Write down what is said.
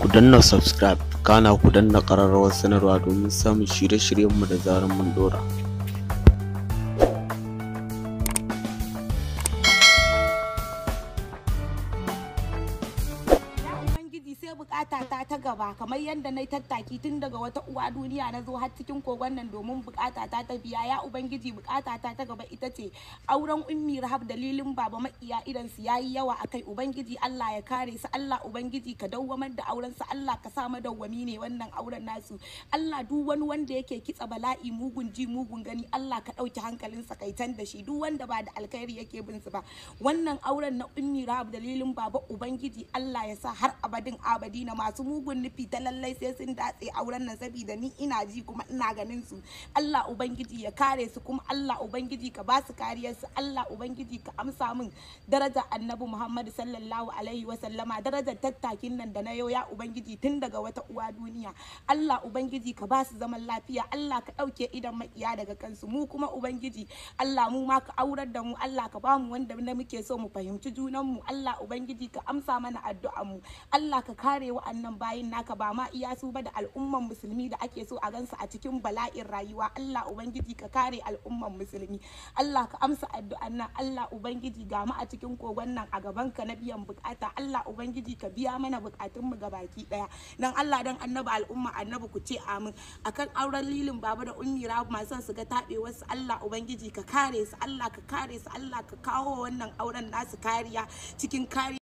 ku danna subscribe kana ku danna ƙararrawar sanarwa domin samun shirye-shiryenmu da zarar mun dora sai bukata ta ta gaba kamar yadda na tattaki tun daga wata uwa duniya na zo har cikin kogon nan domin bukata ta ta biya ya ubangiji bukata ta ta gaba ita ce auren ummi rahab dalilin baba makiya idan su yayi yawa akai ubangiji Allah ya kare su Allah ubangiji ka dawwamar da auren su Allah ka sa madawwami ne wannan auren nasu Allah duk wani wanda yake kitsa bala'i mugun ji mugun gani Allah ka dauki hankalin sa kai da shi duk wanda ba da alkhairi yake bin su ba wannan auren na ummi rahab dalilin baba ubangiji Allah ya sa har abadin abadina masu mugun nufi ta lallai sai sun datse auren nan saboda ni ina ji kuma ina ganin su Allah ubangiji ya kare su kuma Allah ubangiji ka ba su kariyar su Allah ubangiji ka amsa min daraja annabi Muhammad sallallahu alaihi wa sallama darajar tattakin nan da na yau ya ubangiji tun daga wata uwa duniya Allah ubangiji ka ba su zaman lafiya Allah ka dauke idan makiya daga kansu mu kuma ubangiji Allah mu ma ka aurar da mu Allah ka ba mu wanda na muke so mu fahimci junan mu Allah ubangiji ka amsa mana addu'a mu Allah ka kare wa'annan bayin naka ba ma iya su ba da al'umman musulmi da ake so a gansu a cikin bala'in rayuwa Allah ubangiji ka kare al'umman musulmi Allah ka amsa addu'an nan Allah ubangiji ga mu a cikin kogon nan a gaban ka na biyan bukata Allah ubangiji ka biya mana bukatun mu gabaki daya dan Allah dan annabi al'umma annabi ku ce amin akan auren lilin baba da ummi rabu masu su ga tabewar su Allah ubangiji ka kare su Allah ka kare su Allah ka kawo wannan auren nasu kariya cikin kariya